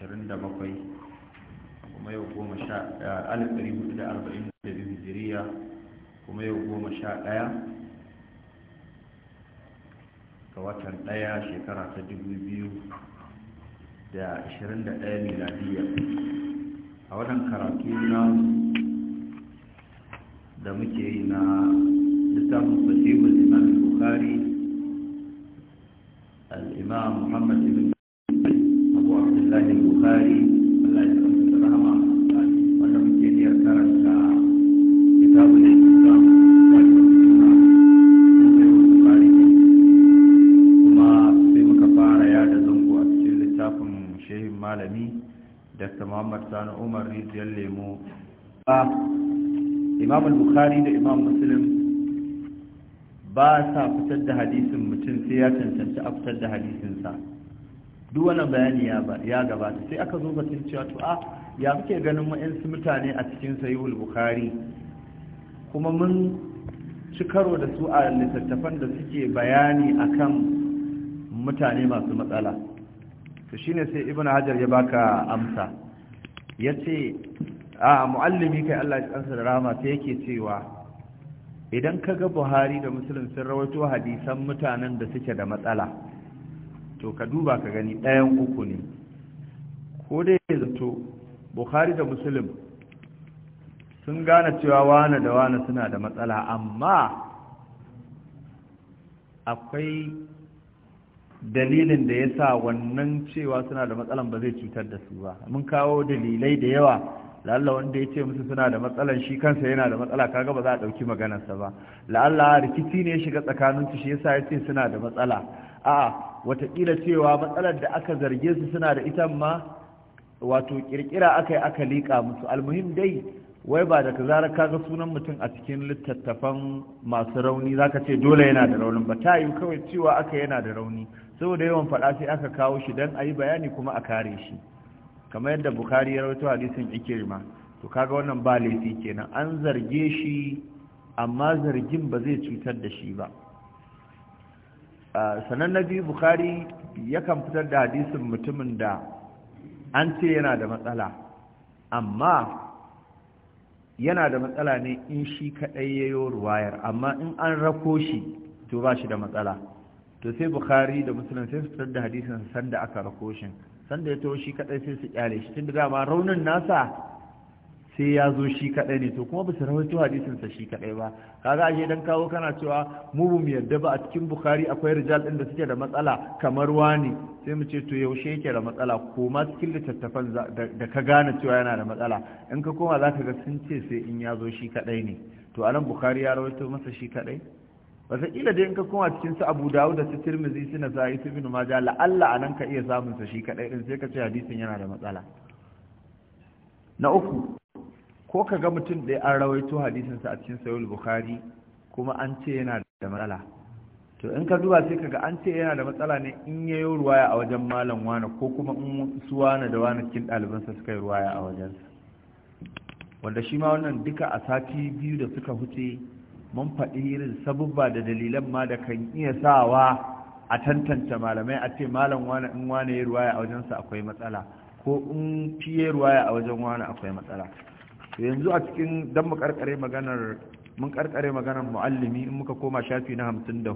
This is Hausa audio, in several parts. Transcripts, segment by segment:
27 kuma yau 1442 eh, hijiriya kuma yau ɗaya ga watan ɗaya shekara ta 2021 miladiyya a wannan karatu na da muke yi na littafin fasihul imam bukhari al-imam muhammad ibn sahih bukhari wanda muke niyyar karanta sai muka fara yada zango a littafin malami Dr. Muhammad Sani Umar Rijiyar Lemo. Imam Bukhari da Imam Muslim ba sa fitar da hadisin mutum sai ya cancanci a fitar da hadisinsa. duk wannan bayani ya gabata sai aka zo batun cewa to a ah, ya kuke ganin su mutane a cikin sayuhul bukhari kuma mun ci karo da su a littattafan da suke bayani akan mutane masu matsala to shine sai ibn hajar ya baka amsa ya ce a ah, mu'allimi kai allah ya tsansa da rama sai yake cewa idan ka ga buhari da musulun sun rawaito hadisan mutanen da suke da matsala to ka duba ka gani ɗayan uku ne ko dai zato bukhari da muslim sun gane cewa wane da wane suna da matsala amma akwai dalilin da ya sa wannan cewa suna da matsalan ba zai cutar da su ba mun kawo dalilai da yawa La'alla wanda ya ce musu suna da matsalan shi kansa yana da matsala kaga ba za a ɗauki maganarsa ba la'alla rikici ne ya shiga tsakaninsu shi yasa ya ce suna da matsala a watakila cewa matsalar da aka zarge su suna da ita ma wato kirkira aka yi aka liƙa musu almuhim dai wai ba da zarar kaga sunan mutum a cikin littattafan masu rauni zaka ce dole yana da raunin ba ta yi kawai cewa aka yana da rauni saboda yawan faɗa sai aka kawo shi don a yi bayani kuma a kare shi kamar yadda bukari ya rawaito hadisin ikirma to kaga wannan ba laifi kenan an zarge shi amma zargin ba zai cutar da shi ba Ah, sanan na biyu bukari yakan fitar da hadisin mutumin da an ce yana da matsala amma yana da matsala ne in shi kaɗai ya yi ruwayar amma in an rako shi to ba shi da matsala to sai Bukhari da musulun sai su fitar da hadisin sanda aka rako shi sanda ya to shi kaɗai sai su kyale shi tun da dama raunin nasa sai ya zo shi kaɗai ne to kuma ba su rawaito hadisin shi kaɗai ba kaga ashe dan kawo kana cewa mu bu mu yadda ba a cikin bukhari akwai rijal din da suke da matsala kamar wani sai mu ce to yaushe yake da matsala ko ma cikin littattafan da ka gane cewa yana da matsala in ka koma zaka ga sun ce sai in ya zo shi kadai ne to anan bukhari ya rawaito masa shi kadai wataƙila dai in ka koma cikin su abu dawud da su tirmizi su nasa'i su ibn maja la'alla anan ka iya samun sa shi kaɗai din sai ka ce hadisin yana da matsala na uku ko ka ga mutum ɗaya an rawaito hadisinsa a cikin sayul bukhari kuma an ce yana da matsala to in ka duba sai kaga an ce yana da matsala ne in ya yi ruwaya a wajen malam wana ko kuma in su wana da wana cikin ɗalibansa suka yi ruwaya a wajensa wanda shi ma wannan duka a sati biyu da suka huce mun faɗi irin sabubba da dalilan ma da kan iya sawa a tantance malamai a ce malam wana in wana ya ruwaya a wajensa akwai matsala ko in fiye ruwaya a wajen wana akwai matsala yanzu a cikin don mu karkare maganar mun karkare maganar muallimi in muka koma shafi na 54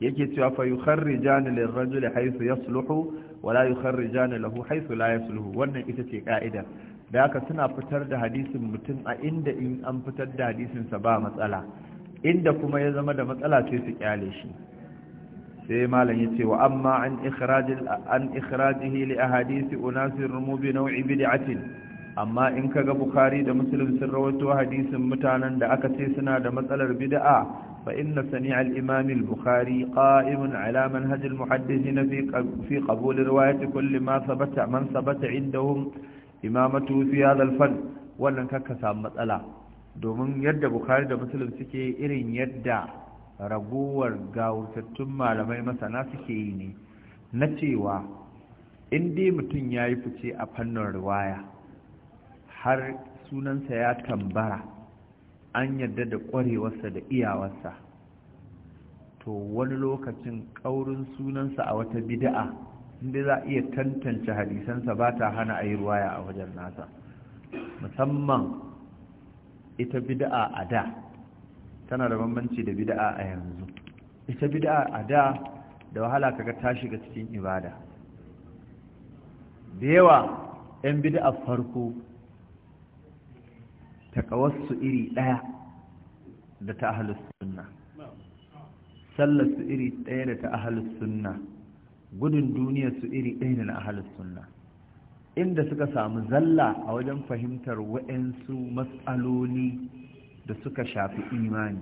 yake cewa fa yukharrijani lirajuli haythu yasluhu wa la yukharrijani lahu haythu la yasluhu wannan ita ce ka'ida da haka suna fitar da hadisin mutum a inda in an fitar da hadisin sa ba matsala inda kuma ya zama da matsala sai su kyale shi sai malam yace wa amma an ikhraj an ikhrajihi li ahadith unas rumu bi naw'i bid'atin amma in kaga bukhari da muslim sun rawaito hadisin mutanen da aka ce suna da matsalar bid'a fa inna sami'a al-imam al-bukhari qa'imun ala manhaj al-muhaddithin fi fi qabul riwayat kulli ma thabata man thabata indahum imamatu fi hadha al-fan wannan kaka samu matsala domin yadda bukhari da muslim suke irin yadda ragowar gawurtattun malamai masana suke yi ne na cewa in dai mutum ya yi fice a fannin riwaya har sunansa ya tambara an yarda da ƙwarewarsa da iyawarsa to wani lokacin ƙaurin sunansa a wata bida'a inda za a iya tantance hadisansa ba ta hana a yi ruwaya a wajen nasa musamman ita bida'a a da tana da bambanci da bida'a a yanzu ita bida'a a da da wahala kaga ta shiga cikin ibada da yawa 'yan bida'a farko takawarsu iri ɗaya da ta ahalus sunna sallarsu iri ɗaya da ta ahalus sunna gudun duniyarsu iri ɗaya da na ahalus sunna inda suka samu zalla a wajen fahimtar wa'yansu matsaloli da suka shafi imani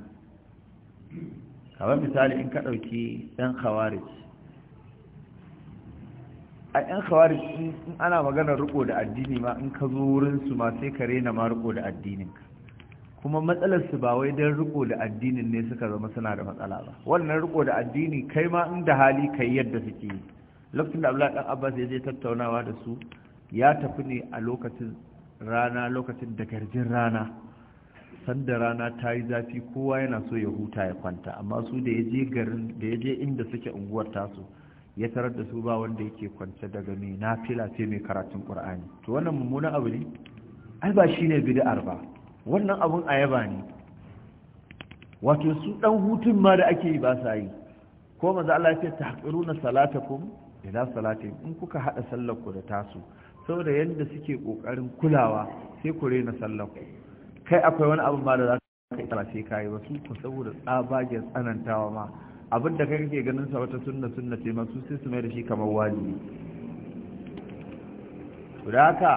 kawai misali in ka ɗauki ɗan khawarij a yan khawarij in ana maganar riko da addini ma in ka zo wurin su ma sai ka rena ma riko da addinin ka kuma matsalar su ba wai dan riko da addinin ne suka zama suna da matsala ba wannan riko da addini kai ma in da hali kai yadda suke yi lokacin da Abdullahi dan Abbas ya je tattaunawa da su ya tafi ne a lokacin rana lokacin da garjin rana sanda rana ta yi zafi kowa yana so ya huta ya kwanta amma su da ya je garin da ya je inda suke unguwar tasu ya tarar da su ba wanda yake kwance daga mai fila sai mai karatun Kur'ani. to wannan mummunan abu ne Alba shi ne bida'ar ba wannan abun yaba ne wato su ɗan hutun ma da ake yi ba sa yi ko maza Allah ya ce salata salatakum ila salata? in kuka haɗa sallar ku da tasu saboda yadda suke ƙoƙarin kulawa sai ku rena sallar ku kai akwai wani abu ma da za ka yi sai kai ba su ku saboda tsabagen tsanantawa ma abin da kake ganin sa wata sunna sunna ce masu sai su mai da shi kamar wajibi da haka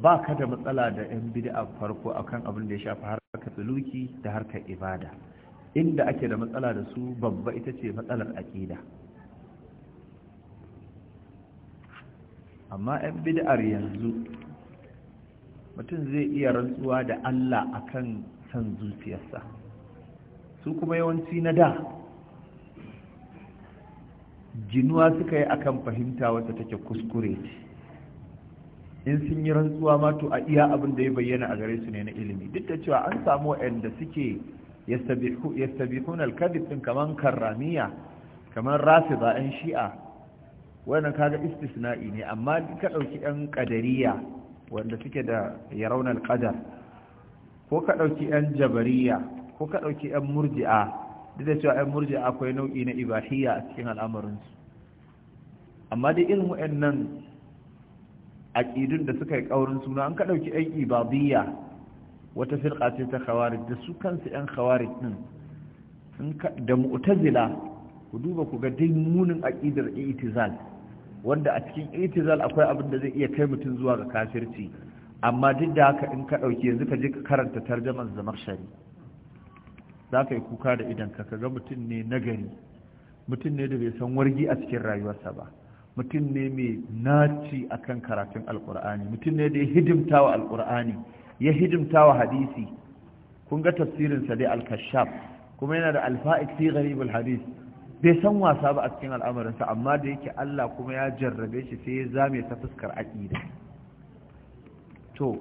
ba ka da matsala da yan bid'a farko akan abin da ya shafi harkar suluki da harkar ibada inda ake da matsala da su babba ita ce matsalar aqida amma yan bid'ar yanzu mutum zai iya rantsuwa da Allah akan san zuciyarsa su kuma yawanci na da jinuwa suka yi akan fahimta wata take kuskure ce in sun yi rantsuwa ma to a iya abin da ya bayyana a gare su ne na ilimi duk da cewa an samu waɗanda suke yastabihun alkadib din kamar karramiya rafi ba yan shi'a wannan kaga istisna'i ne amma ka ɗauki yan kadariya wanda suke da yarawun alqadar ko ka ɗauki yan jabariya ko ka ɗauki yan murji'a duk da cewa ‘yan murji akwai nau'i na ibahiyya a cikin al'amarinsu amma dai irin wa'annan aƙidun da suka yi ƙaurin suna an ka ɗauki ‘yan ibadiyya wata firqa ce ta khawarij da su kansu ‘yan khawarij din da mu'tazila ku duba ku ga dai munin aƙidar itizal wanda a cikin itizal akwai abin da zai iya kai mutum zuwa ga kafirci amma duk da haka in ka ɗauki yanzu ka je ka karanta tarjamar zamar za ka yi kuka da idan ka ga mutum ne nagari mutum ne da bai san wargi a cikin rayuwarsa ba mutum ne mai naci a kan karatun alkur'ani mutum ne da ya hidimta wa alkur'ani ya hidimta wa hadisi kun ga tafsirinsa dai alkashaf kuma yana da alfa'ik fi gharibul hadis bai san wasa ba a cikin al'amarinsa amma da yake Allah kuma ya jarrabe shi sai ya zame ta fuskar aƙida to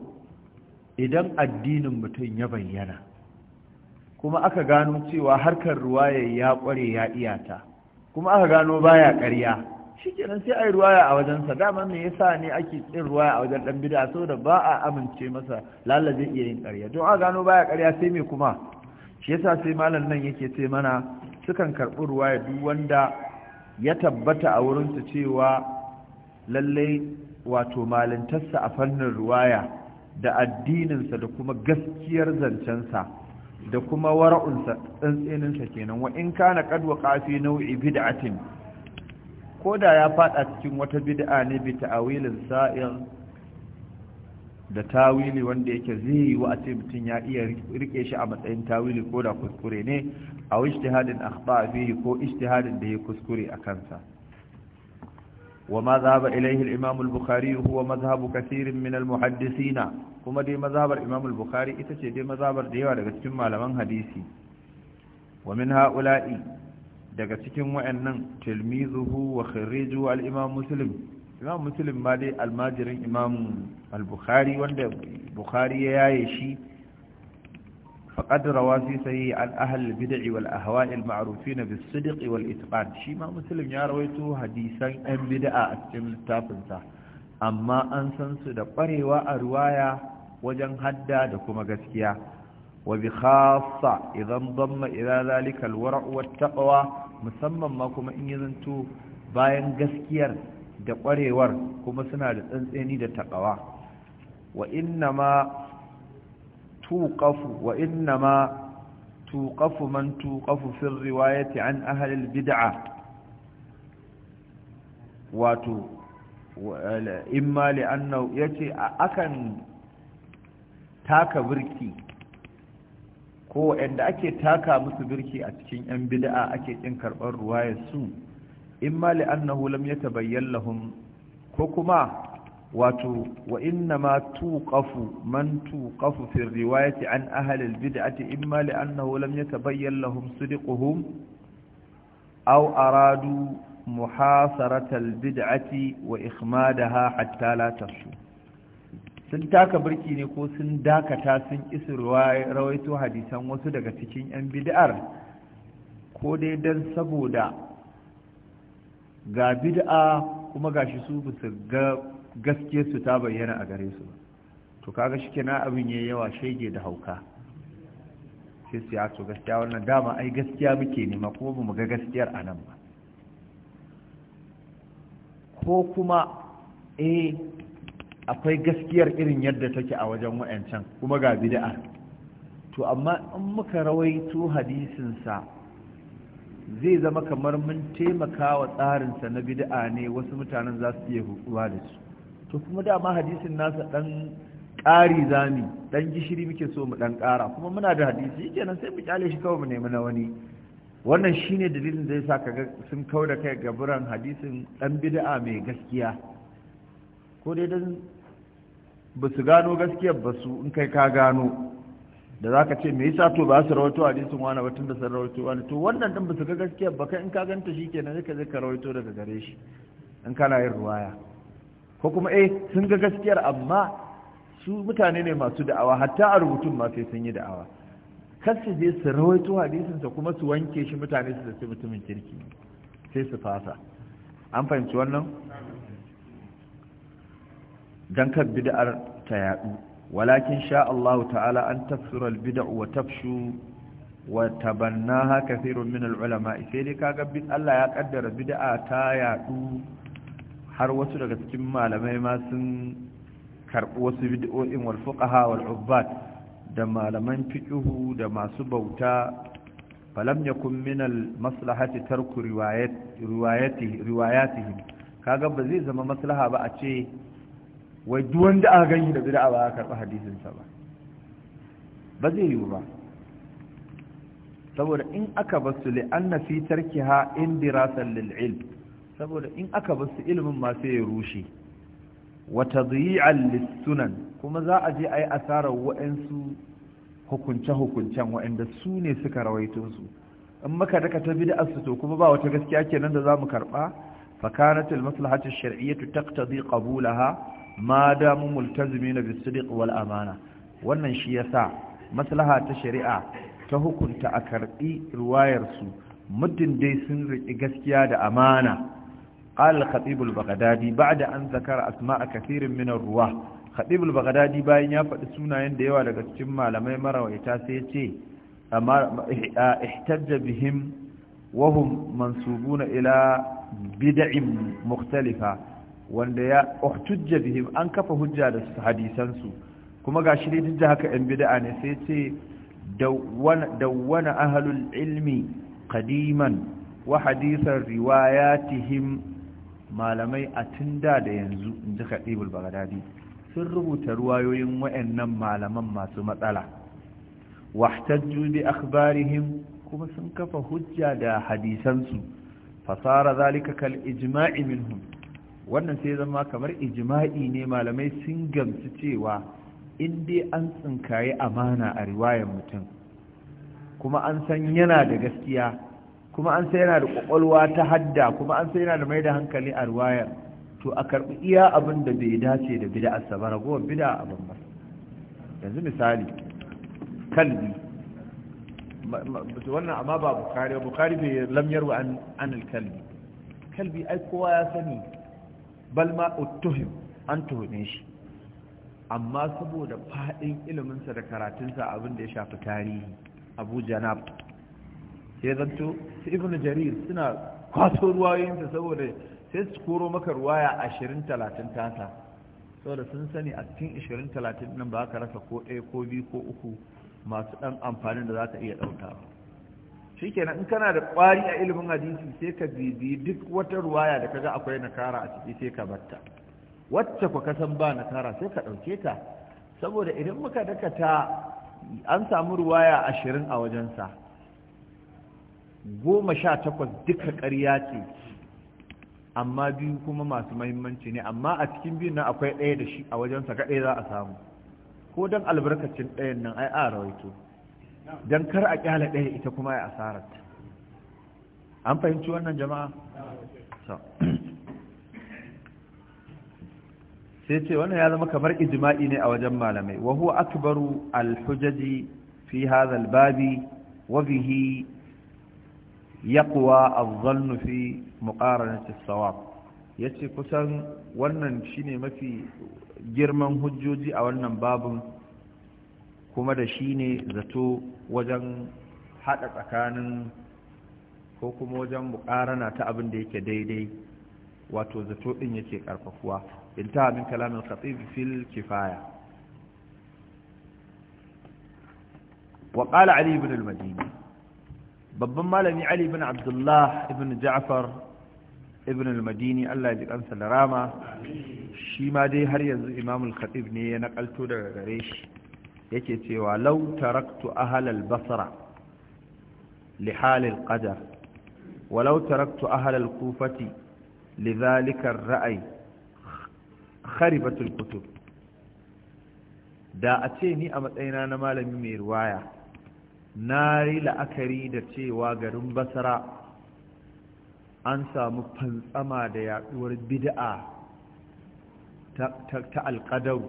idan addinin mutum ya bayyana kuma aka gano cewa harkar ruwaya ya kware ya iyata kuma aka gano baya ƙarya shi sai a yi ruwaya a wajensa dama me yasa ne ake tsin ruwaya a wajen ɗan bida saboda ba a amince masa lalla zai iya yin ƙarya don aka gano baya ƙarya sai me kuma shi yasa sai malam nan yake ce mana sukan karɓi ruwaya duk wanda ya tabbata a wurinsa cewa lallai wato malintarsa a fannin ruwaya da addininsa da kuma gaskiyar zancensa da kuma wara'unsa tsantseninsa kenan wa in kana qad waqa fi naw'i bid'atin da ya fada cikin wata bid'a ne bi ta'awilin sa'ir da tawili wanda yake zai wa a ce mutum ya iya rike shi a matsayin tawili ko da kuskure ne a ijtihadin akhta fihi ko ijtihadin da ya kuskure a kansa Wa al-imam al-bukhari huwa هو kathirin min minar muhaddithina kuma dai mazabar imam al-bukhari ita ce dai mazabar da yawa daga cikin malaman hadisi wa min ha'ula'i daga cikin wa'annan tilmizuhu wa khirriju al-imam muslim imam muslim ma dai almajirin imam al wanda bukhari ya yaye shi faqad rawa fi an ahl al-bid' wal ahwa' al-ma'rufin bis-sidq wal-itqan shi ma muslim ya rawaito hadisan yan bid'a a cikin littafinsa amma an san su da ƙwarewa a ruwaya wajen hadda da kuma gaskiya wa bi khassa idan damma ila zalika alwara wa taqwa musamman ma kuma in yanzu bayan gaskiyar da kwarewar kuma suna da tsantseni da taqwa wa inna ma tuqafu wa inna ma توقف من توقف في الرواية عن أهل البدعة واتو إما لأنه يتي taka birki ko waɗanda ake taka musu birki a cikin 'yan bid'a ake ƙin karɓar ruwayar su in ma li'annahu lam yatabayyan lahum ko kuma wato wa inna ma tuqafu man tuqafu fi riwayati an ahli al-bid'ati in ma li'annahu lam yatabayyan lahum sidquhum aw aradu muhasarata al-bid'ati wa ikhmadaha hatta la tashu sun taka birki ne ko sun dakata sun isa rawaito hadisan wasu daga cikin 'yan bid'ar ko dai don saboda ga bid'a kuma ga shi su bisa ga gaske su ta bayyana a gare su to kaga shi kina abin yayi yawa shege da hauka sai su ya gaskiya wannan dama ai gaskiya muke nema kuma mu ga gaskiyar anan ba ko kuma eh akwai gaskiyar irin yadda take a wajen wa'ancan kuma ga bid'a to amma in muka rawaito hadisinsa zai zama kamar mun taimaka wa tsarinsa na bid'a ne wasu mutanen za su iya hukuwa da su to kuma dama hadisin nasa dan ƙari zami dan gishiri muke so mu dan ƙara kuma muna da hadisi kenan sai mu kyale shi kawai mu nemi na wani wannan shine dalilin da yasa kaga sun kauda kai gaburan hadisin dan bid'a mai gaskiya ko dai dan ba su gano gaskiyar ba su in kai ka gano da za ka ce me yasa to ba su rawaito hadisin wani ba da sun rawaito wani to wannan din ba su ga gaskiyar ba kai in ka ganta shi kenan zai ka zai ka rawaito daga gare shi in kana yin ruwaya ko kuma eh sun ga gaskiyar amma su mutane ne masu da'awa hatta a rubutun ma sai sun yi da'awa kar su je su rawaito hadisin sa kuma su wanke shi mutane su da su mutumin kirki sai su fasa an fahimci wannan don kan bid'ar ta yaɗu walakin sha Allah ta'ala an tafsura albid'u wa tafshu wa tabannaha kathirun min alulama sai dai kaga Allah ya kaddara bid'a ta yaɗu har wasu daga cikin malamai ma sun karɓi wasu bid'o'in wal fuqaha wal ubbat da malaman fiqhu da masu bauta falam yakun min al maslahati tarku riwayat riwayatihi riwayatihi kaga ba zai zama maslaha ba a ce wai duk wanda aka ganshi da bid'a ba aka karɓi hadisin sa ba ba zai yiwu ba saboda in aka basu li fi fi ha in dirasan lil ilm saboda in aka basu ilimin masu sai ya rushe wata tadyi'an sunan kuma za a je yi asarar wa'ansu hukunce hukuncen wa'anda su ne suka rawaito su in maka daka ta bid'a su to kuma ba wata gaskiya kenan da zamu karba fa kanat al maslahatu ash-shar'iyyatu taqtadi qabulaha ma damu multazimi na bisidik wal amana wannan shi yasa maslaha ta shari'a ta hukunta a karbi ruwayarsu muddin dai sun riƙi gaskiya da amana ƙalar khatibul bagadadi ba da an zakara asma a kafirin minar ruwa khatibul bagadadi bayan ya faɗi sunayen da yawa daga cikin malamai mara marawaita sai ce a ihtajja bihim wahum mansubuna ila bida'in muxtalifa wanda ya uhtujja bihim an kafa hujja da hadisansu kuma ga shi dai haka yan bid'a ne sai ce dawwana ahlul ilmi qadiman wa hadithan riwayatihim malamai a tunda da yanzu inji kadibul bagdadi sun rubuta ruwayoyin wayannan malaman masu matsala wahtajju bi akhbarihim kuma sun kafa hujja da hadisansu fasara zalika kal ijma'i minhum wannan sai zama kamar ijma'i ne malamai sun gamsu cewa in dai an tsinkaye amana a riwayar mutum kuma an san yana da gaskiya kuma an san yana da kwakwalwa ta hadda kuma an san yana da mai da hankali a riwayar to a karbi iya abin da bai dace da bida a saba ragowar bida a ba. yanzu misali kalbi wannan amma ba bukari bukari bai lamyar wa an kalbi kalbi ai kowa ya sani bal ma uttuhim an tuhume shi amma saboda faɗin iliminsa da karatunsa abin da ya shafi tarihi abu janab sai zanto su ibn jarir suna kwaso ruwayoyinsa saboda sai su koro maka ruwaya ashirin talatin tasa saboda sun sani a cikin ashirin talatin nan ba ka rasa ko ɗaya ko biyu ko uku masu ɗan amfanin da za ka iya ɗauka ba shikenan in kana da ƙwari a ilimin hadisi sai ka bibi duk wata ruwaya da kaga akwai nakara a ciki sai ka batta wacce ka san ba nakara sai ka ɗauke ta saboda idan muka dakata an samu ruwaya ashirin a wajensa goma sha takwas duka ƙarya ce amma biyu kuma masu mahimmanci ne amma a cikin biyun nan akwai ɗaya da shi a wajensa kaɗai za a samu ko don albarkacin ɗayan nan ai a rawaito don kar a kyala ɗaya ita kuma ya asararta an fahimci wannan jama'a sai ce wannan ya zama kamar ijima'i ne a wajen malamai wa huwa akbaru al-hujaji fi hadha al-babi wa bihi yaqwa adh-dhann fi muqaranati as-sawab yace kusan wannan shine mafi girman hujjoji a wannan babun kuma da shine zato wajen haɗa tsakanin ko kuma wajen muƙarana ta abin da yake daidai wato zato ɗin yake ƙarfafuwa ta amin kalamin khatib fil kifaya wa qala ali ibn al-madini babban malami ali ibn abdullah ibn ja'far ibn al-madini Allah ya ji kansa da rama shi ma dai har yanzu imamul khatib ne ya naƙalto daga gare shi yake cewa lau taraktu Ahalal basra li halil qadar walau taraktu Ahalal kufati li zalika ar kharibatul kutub da a ce ni a matsayina na malami mai ruwaya na yi la'akari da cewa garin basara an samu fantsama da yaduwar bid'a ta alƙadau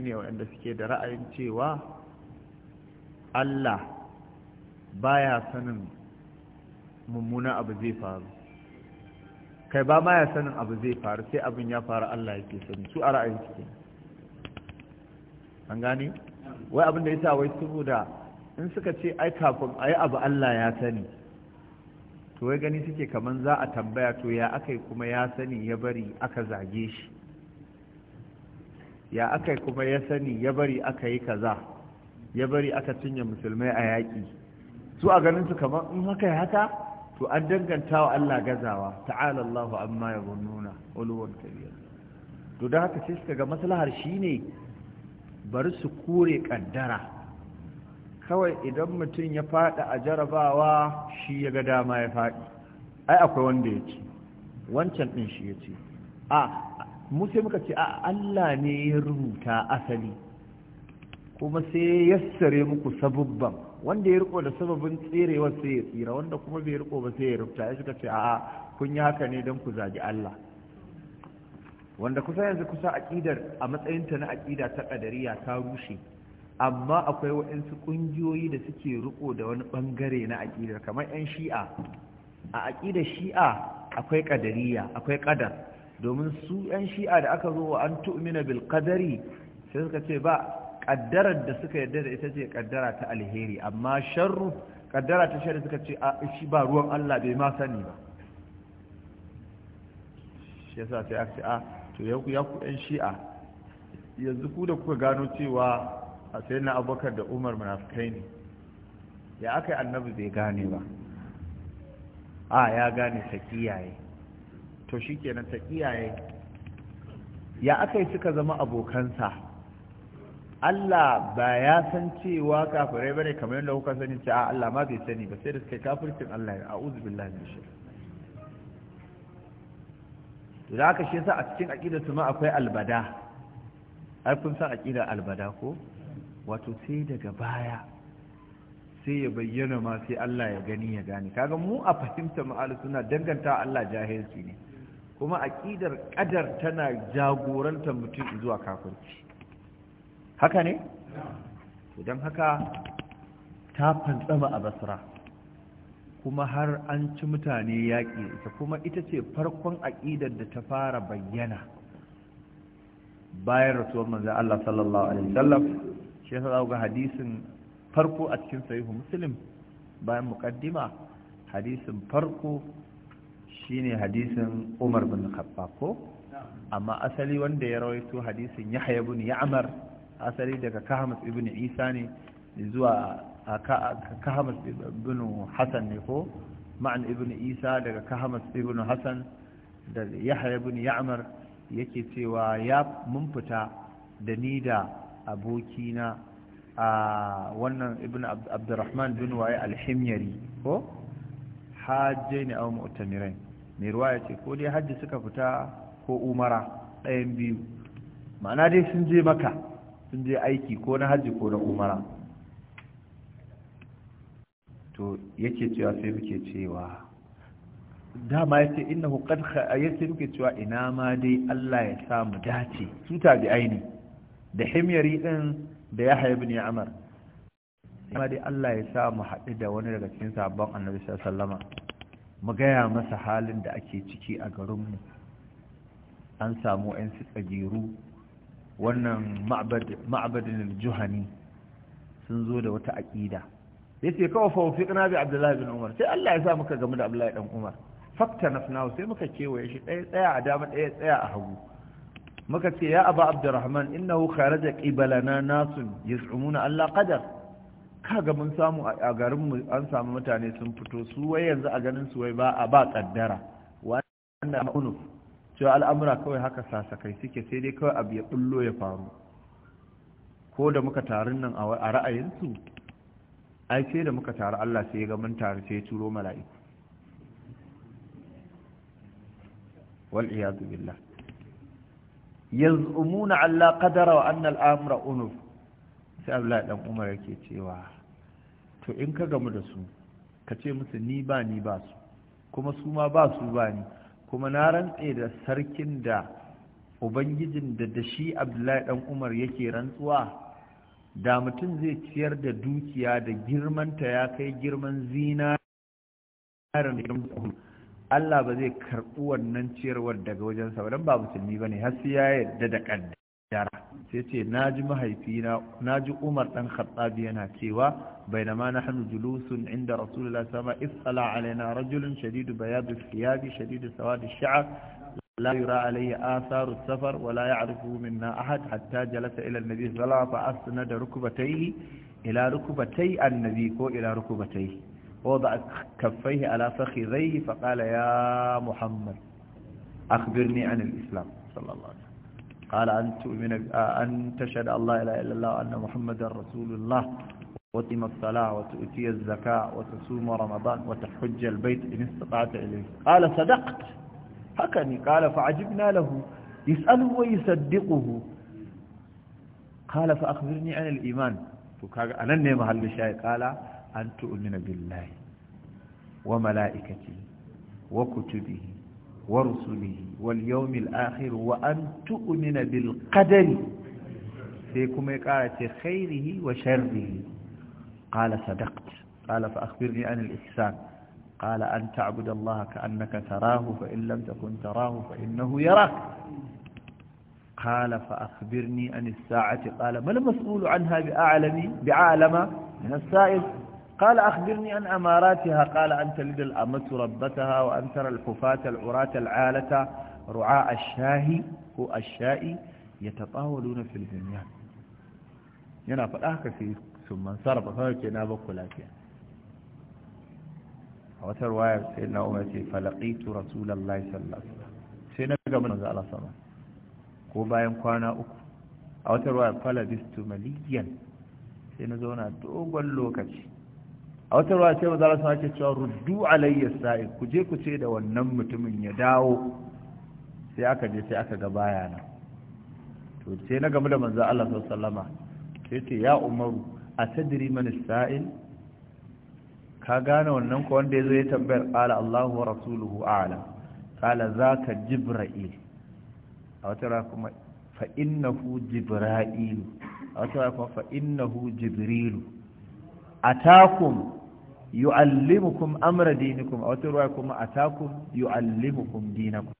ne waɗanda suke da ra'ayin cewa Allah baya sanin mummuna abu zai faru kai ba ma ya sanin abu zai faru sai abin ya faru Allah ya ke sani su a ra'ayin suke an gane wai abin da ya wai saboda in suka ce ai kafin a yi abu Allah ya sani to wai gani suke kaman za a tambaya to ya aka yi kuma ya sani ya bari aka zage shi ya aka kuma ya sani ya bari aka yi kaza ya bari aka cinye musulmai a yaƙi su a ganin su kamar in haka ya haka to an danganta wa Allah gazawa ta'ala Allah amma ya nuna uluwan kabir to da haka sai suka ga maslahar shine bari su kore kaddara kawai idan mutum ya fada a jarabawa shi ya ga dama ya fadi ai akwai wanda ya ce wancan din shi ya ce a mu sai muka ce a Allah ne ya rubuta asali kuma sai ya yassare muku sabubban wanda ya riko da sababin tserewa sai ya tsira wanda kuma bai riko ba sai ya rubuta ya suka ce a kun yi haka ne don ku zagi Allah wanda kusa yanzu kusa aƙidar a matsayinta na aƙida ta ƙadariya ta rushe amma akwai waɗansu ƙungiyoyi da suke riko da wani ɓangare na aƙidar kamar 'yan shi'a a aƙidar shi'a akwai ƙadariya akwai ƙadar domin su yan shi'a da aka zo wa an tu'mina bil qadari sai suka ce ba kaddarar da suka yarda da ita ce kaddara ta alheri amma sharru kaddara ta sharri suka ce a shi ba ruwan Allah bai ma sani ba shi yasa sai a ce a to ya ku ya ku yan shi'a yanzu ku da kuka gano cewa a sai na abubakar da umar munafikai ne ya aka yi annabi bai gane ba a ya gane ta kiyaye to shi kenan ta kiyaye ya aka yi suka zama abokansa Allah ba ya san cewa kafirai bane kamar yadda kuka sani cewa Allah ma bai sani ba sai da suka kafircin Allah ya a'udhu billahi min shirk to da aka shi yasa a cikin aqida su ma akwai albada ai kun san aqida albada ko wato sai daga baya sai ya bayyana ma sai Allah ya gani ya gane kaga mu a fahimta mu suna danganta Allah jahilci ne kuma aƙidar ƙadar tana jagoranta mutum zuwa kafirci haka ne? idan haka ta fantsama a basra kuma har an ci mutane yaƙi ita kuma ita ce farkon aƙidar da ta fara bayyana bayan rasuwar manzan Allah sallallahu Alaihi wasallam shi ya ga hadisin farko a cikin sahihu muslim bayan muƙaddima hadisin farko shi ne hadisin Umar bin Khattab amma asali wanda ya rawaito hadisin Yahya bin Ya'mar asali daga Kahmas ibn Isa ne zuwa Kahmas ibn Hasan ne ko ma'an ibn Isa daga Kahmas ibn Hasan da Yahya bin Ya'mar yake cewa ya mun fita da ni da abokina a wannan ibn Abdurrahman bin Waye al-Himyari ko ne a mu'tamirai mai ruwa ya ce ko dai hajji suka fita ko umara ɗayan biyu ma'ana dai sun je maka sun je aiki ko na hajji ko na umara to yake cewa sai muke cewa dama ya ce ina hukar yace muke cewa ina ma dai Allah ya samu dace su tabi aini da himyari ɗin da ya haibu ne amar ma dai Allah ya samu haɗu da wani daga cikin sabon annabi sallama mu gaya masa halin da ake ciki a garinmu an samu 'yan tsagiru wannan ma'abadin juhani sun zo da wata aƙida ya ce kawai fawfi ƙana bi abdullahi bin umar sai allah ya sa muka game da abdullahi dan umar fakta na finawo sai muka kewaye shi ɗaya tsaya a dama ɗaya tsaya a hagu muka ce ya aba abdurrahman innahu kharaja qibalana nasun yaz'umuna allah qadar kaga mun samu a garinmu an samu mutane sun fito su wai yanzu a ganin su wai ba a ba kaddara wannan ma'unuf cewa al'amura kawai haka sasakai suke sai dai kawai abu ya bullo ya faru ko da muka tarin nan a ra'ayinsu ai sai da muka taru Allah sai ya ga mun tare sai ya turo mala'iku wal iyadu billah yaz'umuna alla qadara wa anna al unuf sai Allah dan Umar yake cewa to in ka gamu da su ka ce musu ni ba ni ba su kuma su ma ba su ba ni kuma na rantse da sarkin da ubangijin da da shi abdullahi dan umar yake rantsuwa da mutum zai ciyar da dukiya da girmanta ya kai girman zina Allah ba zai karɓi wannan ciyarwar daga wajensa ba don ba musulmi ba ne har sai ya yarda da ƙadda yara sai ce na ji mahaifi na umar dan khattabi yana cewa bai nama na hannu julusun inda rasulullah sama isala alaina rajulun shadidu bayadu fiyabi shadidu sawadu sha'ar la yura alayya asaru safar wala ya'rifu minna ahad hatta jalasa ila da rukbatayhi ila rukbatay annabi ko ila rukbatay wada kaffayhi ala fakhidhayhi fa qala ya muhammad akhbirni قال أن تؤمن أن تشهد الله إله إلا الله أن محمدا رسول الله وتم الصلاة وتؤتي الزكاة وتصوم رمضان وتحج البيت إن استطعت إليه قال صدقت حكني قال فعجبنا له يسأله ويصدقه قال فأخبرني عن الإيمان أنا نيم هل الشيء قال أن تؤمن بالله وملائكته وكتبه ورسله واليوم الآخر وأن تؤمن بالقدر فيكم يقعت خيره وشره قال صدقت قال فأخبرني عن الإحسان قال أن تعبد الله كأنك تراه فإن لم تكن تراه فإنه يراك قال فأخبرني عن الساعة قال ما المسؤول عنها بأعلم, بأعلم من السائل قال أخبرني عن أماراتها قال أن تلد الأمت ربتها وأن ترى الحفاة العراة العالة رعاء الشاهي هو الشائي يتطاولون في الدنيا ينافل أهك في ثم انصرف فهوك ينابك لك وثر واي سيدنا أمتي فلقيت رسول الله صلى الله عليه وسلم سيدنا قبل نزع الله صلى الله عليه وسلم قبا ينقوانا أكو وثر واي فلبست مليا سيدنا زونا دوغ اللوكتي a wata ruwa ce maza rasu ake cewa ruddu alayya sa'i ku je ku ce da wannan mutumin ya dawo sai aka je sai aka ga baya na to sai na gamu da manzo Allah sallama sai ce ya umaru a tadri man sa'il ka gane wannan ko wanda yazo ya tambayar qala Allahu wa rasuluhu a'lam qala zaka jibril a wata ruwa kuma fa innahu jibril a wata ruwa kuma fa innahu jibrilu atakum yu'allimukum amra dinikum a wata ruwa kuma atakum yu'allimukum dinakum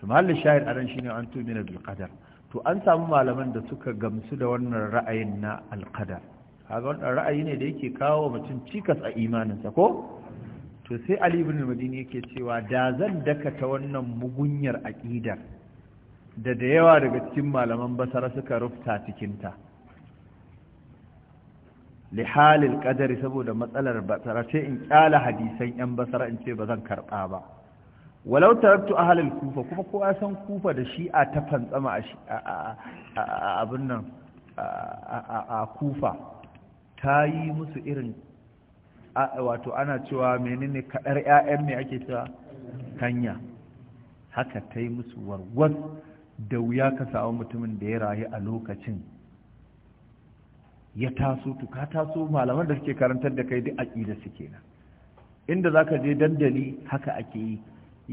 to mahallin shahid aran shine an tumina bil qadar to an samu malaman da suka gamsu da wannan ra'ayin na al qadar kaga wannan ra'ayi ne da yake kawo mutum cikas a imaninsa ko to sai ali ibn madini yake cewa da zan ta wannan mugunyar aqidar da da yawa daga cikin malaman basara suka rufta cikinta li halil qadari saboda matsalar basara ce in kyala hadisan yan basara in ce ba zan karba ba walau tarattu ahalil kufa kuma kowa san kufa da shi'a ta fantsama a abin nan a kufa ta yi musu irin wato ana cewa menene kadar ƴaƴan mai ake cewa kanya haka ta yi musu warwas da wuya ka samu mutumin da ya rayu a lokacin ya taso to taso malaman da suke karantar da kai duk aqida su kenan inda zaka je dandali haka ake yi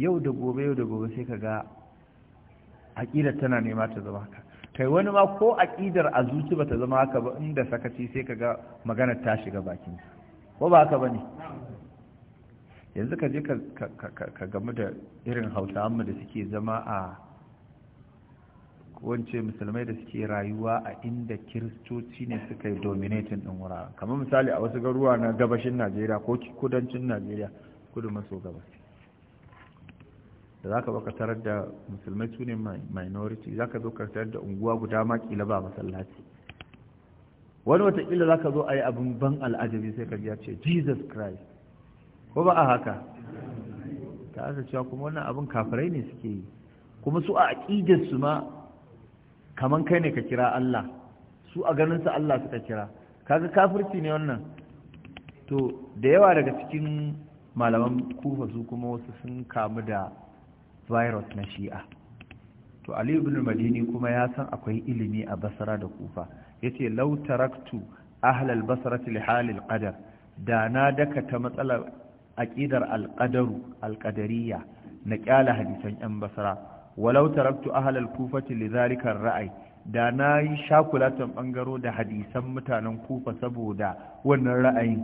yau da gobe yau da gobe sai ka ga aƙidar tana nema ta zama haka kai wani ma ko aƙidar a zuci bata zama haka ba inda sakaci sai ka ga magana ta shiga bakin ko ba haka bane yanzu ka je ka gamu da irin hausa mu da suke zama a wance musulmai da suke rayuwa a inda kiristoci ne suka yi dominatin ɗin wuraren kamar misali a wasu garuwa na gabashin najeriya ko kudancin najeriya kudu maso gabas da za ka baka tarar da musulmai su ne minority za ka zo ka tarar da unguwa guda ma kila ba masallaci wani watakila za ka zo a yi abin ban al'ajabi sai ka ji ce jesus christ ko ba a haka ta asa cewa kuma wannan abin kafirai ne suke yi kuma su a aƙidarsu ma kaman kai ne ka kira Allah su a ganin su Allah suka kira kaga kafirci ne wannan to da yawa daga cikin malaman kufa su kuma wasu sun kamu da virus na shi'a to ali ibn madini kuma ya san akwai ilimi a basra da kufa yace law taraktu ahla al-basrati li hal qadar da na daka ta matsalar aƙidar al-qadaru al-qadariyya na kyala hadisan yan basra walau taraktu ahlal kufati lidhalika ra'ay da nayi shakulatan ɓangaro da hadisan mutanen kufa saboda wannan ra'ayin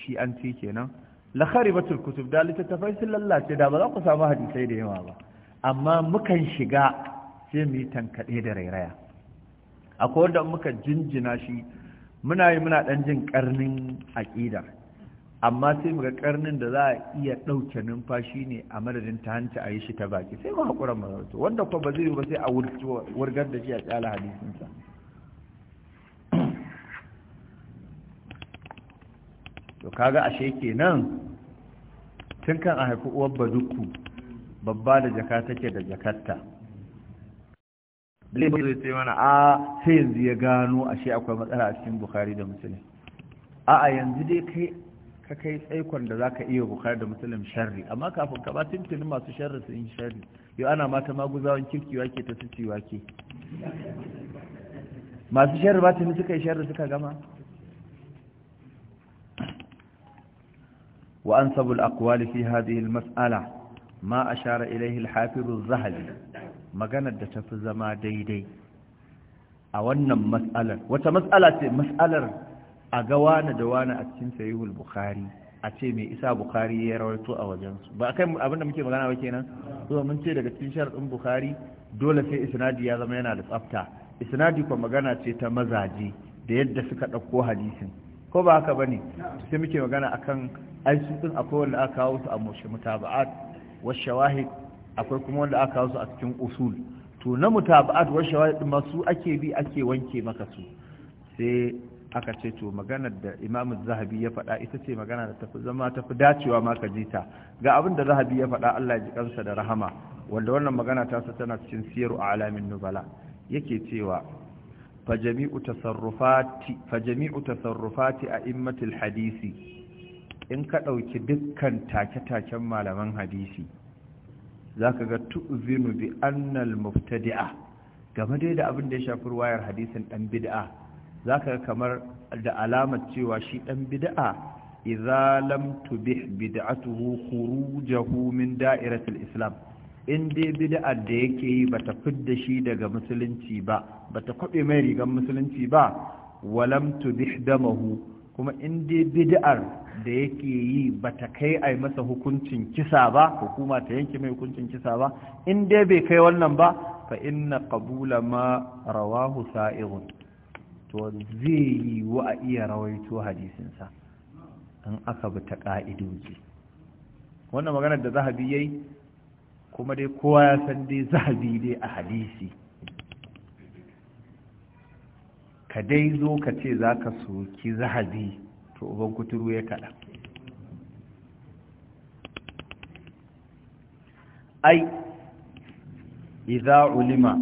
shi an ce kenan la kharibatul kutub da littattafai sun lallace da ba za ku samu hadisai da yawa ba amma mukan shiga sai mu yi tankaɗe da rairaya akwai wanda muka jinjina shi muna yi muna ɗan jin ƙarnin aƙida amma sai muga karnin da za a iya ɗauke numfashi ne a madadin ta hanci a yi shi ta baki sai mu haƙura mazauto wanda kuma ba zai ba sai a wurgar da shi a tsala hadisinsa to kaga ashe nan tun kan a haifi uwar bazuku babba da jaka take da jakarta zai zai ce mana a sai yanzu ya gano ashe akwai matsala a cikin Bukhari da musulun a a yanzu dai kai ka kai tsaikon da za ka iya bukar da musulun shari, amma kafin ka ba tuntunin masu shari su yi shari, yau ana mata maguzawan kirkiwa ke ta su ciwa ke masu shari ba tuni suka yi sharri suka gama wa an sabu al'akwali fi hadhihi mas'ala ma ashara ilaihi al-hafiru zahali maganar da ta fi zama daidai a wannan matsalar. wata matsala ce matsalar. a ga wani da wani a cikin sahihul bukhari a ce mai isa bukhari ya rawaito a wajen su ba kai abinda muke magana ba kenan so mun ce daga cikin sharadin bukhari dole sai isnadi ya zama yana da tsafta isnadi kuma magana ce ta mazaje da yadda suka ɗauko hadisin ko ba haka bane sai muke magana akan ai su din akwai wanda aka kawo su a mushi mutaba'at wa shawahid akwai kuma wanda aka kawo su a cikin usul to na mutaba'at wa shawahid ma su ake bi ake wanke maka su sai aka ce to maganar da imamu zahabi ya faɗa ita ce magana da tafi zama tafi dacewa ma ka jita ga abin da zahabi ya faɗa Allah ya ji kansa da rahama wanda wannan magana ta sa tana cikin siyaru a alamin nubala yake cewa fa jami'u tasarrufati fa jami'u a hadisi in ka ɗauki dukkan take-taken malaman hadisi zaka ga tu'zinu bi annal mubtadi'a game dai da abin da ya shafi wayar hadisin dan bid'a za ka kamar da alamar cewa shi ɗan bida'a idza lam tubih bid'atuhu khurujahu min da'iratil islam in dai bid'ar da yake yi bata fidda shi daga musulunci ba bata kwabe mai rigan musulunci ba walam tubih damahu kuma in dai bid'ar da yake yi bata kai ai masa hukuncin kisa ba hukuma ta yanke mai hukuncin kisa ba in dai bai kai wannan ba fa inna qabula ma rawahu sa'ihun to zai yi wa a iya rawaito hadisinsa in aka bi ta ƙa'idoji wannan maganar da zahabi ya yi kuma dai kowa ya san dai zahabi dai a hadisi ka dai zo ka ce za ka soki zahabi to uban kuturu ya kaɗa ai idza ulima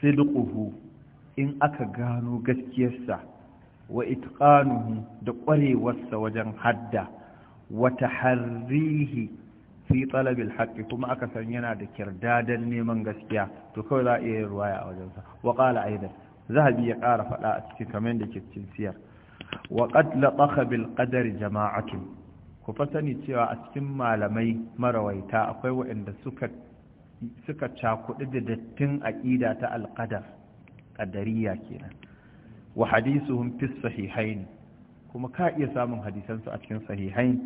sidquhu in aka gano gaskiyarsa wa itqanuhu da ƙwarewarsa wajen hadda wa harrihi fi talabil haqqi kuma aka san yana da kirdadan neman gaskiya to kawai za a iya ruwaya a wajensa wa qala aidan zahabi ya ƙara faɗa a cikin kamen da ke cikin siyar wa qad laqaha bil qadar jama'atu ku fa cewa a cikin malamai marawaita akwai waɗanda suka suka cakuɗi da dattin aƙida ta alƙadar qadariya kenan wa hadithuhum fi sahihain kuma ka iya samun hadisan su a cikin sahihain